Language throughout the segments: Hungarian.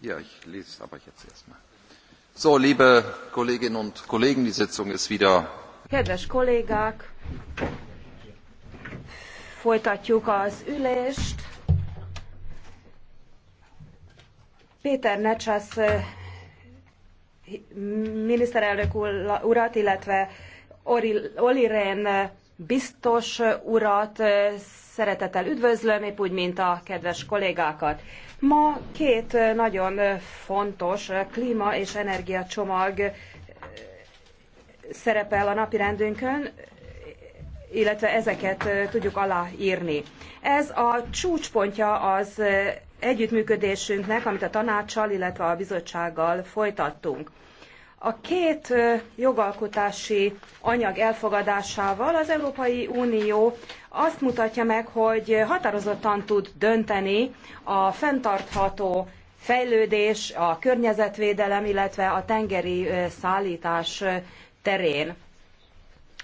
Ja, ich lese aber jetzt erstmal. So, liebe Kolleginnen und Kollegen, die Sitzung ist wieder. Kedves kollégák, folytatjuk az ülést. Péter Necsász eh, miniszterelnök urat, illetve Oli Rehn eh, biztos urat szeretettel üdvözlöm, épp úgy, mint a kedves kollégákat. Ma két nagyon fontos klíma és energiacsomag szerepel a napirendünkön, illetve ezeket tudjuk aláírni. Ez a csúcspontja az együttműködésünknek, amit a tanácssal, illetve a bizottsággal folytattunk. A két jogalkotási anyag elfogadásával az Európai Unió azt mutatja meg, hogy határozottan tud dönteni a fenntartható fejlődés, a környezetvédelem, illetve a tengeri szállítás terén.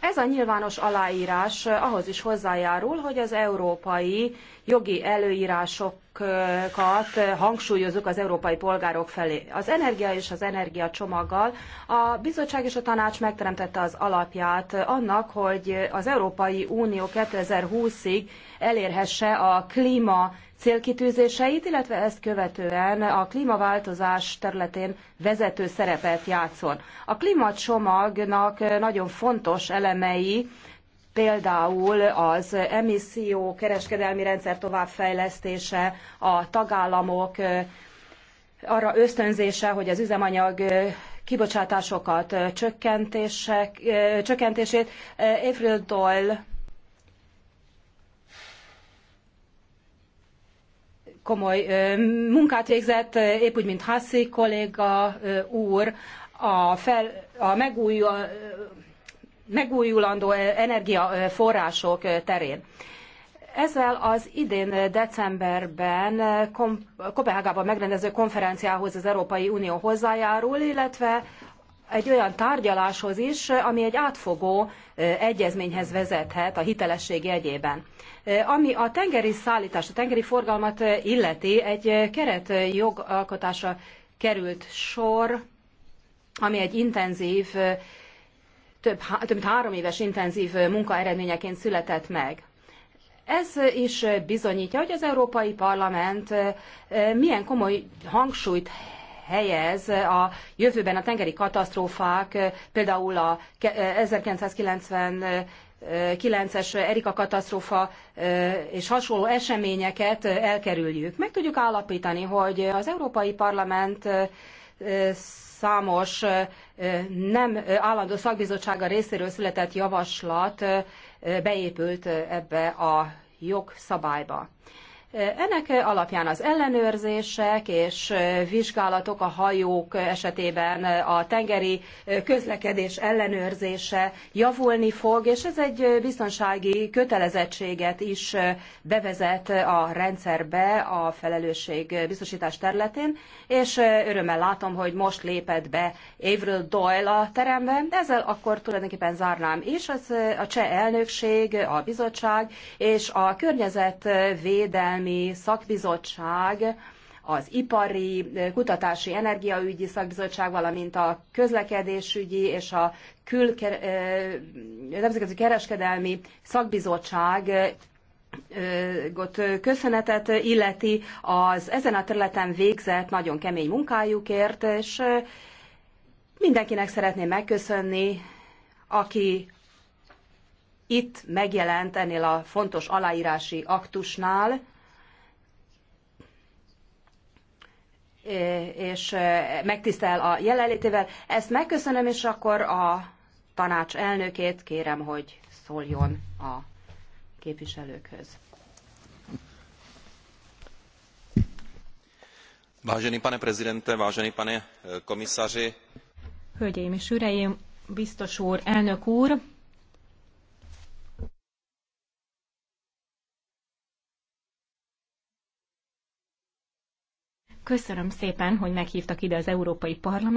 Ez a nyilvános aláírás ahhoz is hozzájárul, hogy az európai jogi előírások célokat hangsúlyozunk az európai polgárok felé. Az energia és az energiacsomaggal a bizottság és a tanács megteremtette az alapját annak, hogy az Európai Unió 2020-ig elérhesse a klíma célkitűzéseit, illetve ezt követően a klímaváltozás területén vezető szerepet játszon. A klímacsomagnak nagyon fontos elemei például az emisszió kereskedelmi rendszer továbbfejlesztése, a tagállamok arra ösztönzése, hogy az üzemanyag kibocsátásokat csökkentések, csökkentését. April Doyle komoly munkát végzett, épp úgy, mint Hassi kolléga úr, a, fel, a megújuló megújulandó energiaforrások terén. Ezzel az idén decemberben Kopenhágában megrendező konferenciához az Európai Unió hozzájárul, illetve egy olyan tárgyaláshoz is, ami egy átfogó egyezményhez vezethet a hitelesség jegyében. Ami a tengeri szállítást, a tengeri forgalmat illeti, egy keret jogalkotása került sor, ami egy intenzív több, több mint három éves intenzív munka eredményeként született meg. Ez is bizonyítja, hogy az Európai Parlament milyen komoly hangsúlyt helyez a jövőben a tengeri katasztrófák, például a 1999-es Erika katasztrófa és hasonló eseményeket elkerüljük. Meg tudjuk állapítani, hogy az Európai Parlament számos nem állandó szakbizottsága részéről született javaslat beépült ebbe a jogszabályba. Ennek alapján az ellenőrzések és vizsgálatok a hajók esetében a tengeri közlekedés ellenőrzése javulni fog, és ez egy biztonsági kötelezettséget is bevezet a rendszerbe a felelősség biztosítás területén, és örömmel látom, hogy most lépett be Avril Doyle a terembe. Ezzel akkor tulajdonképpen zárnám is, az a cseh elnökség, a bizottság és a környezetvédelmi Kereskedelmi Szakbizottság, az Ipari Kutatási Energiaügyi Szakbizottság, valamint a Közlekedésügyi és a külker, Nemzetközi Kereskedelmi Szakbizottság köszönetet illeti az ezen a területen végzett nagyon kemény munkájukért, és mindenkinek szeretném megköszönni, aki itt megjelent ennél a fontos aláírási aktusnál, és eh, megtisztel a jelenlétével. Ezt megköszönöm, és akkor a tanács elnökét kérem, hogy szóljon a képviselőkhöz. Vážený pane prezidente, vážený pane eh, komisaři. Hölgyeim és uraim, biztos úr, elnök úr, Köszönöm szépen, hogy meghívtak ide az Európai Parlament.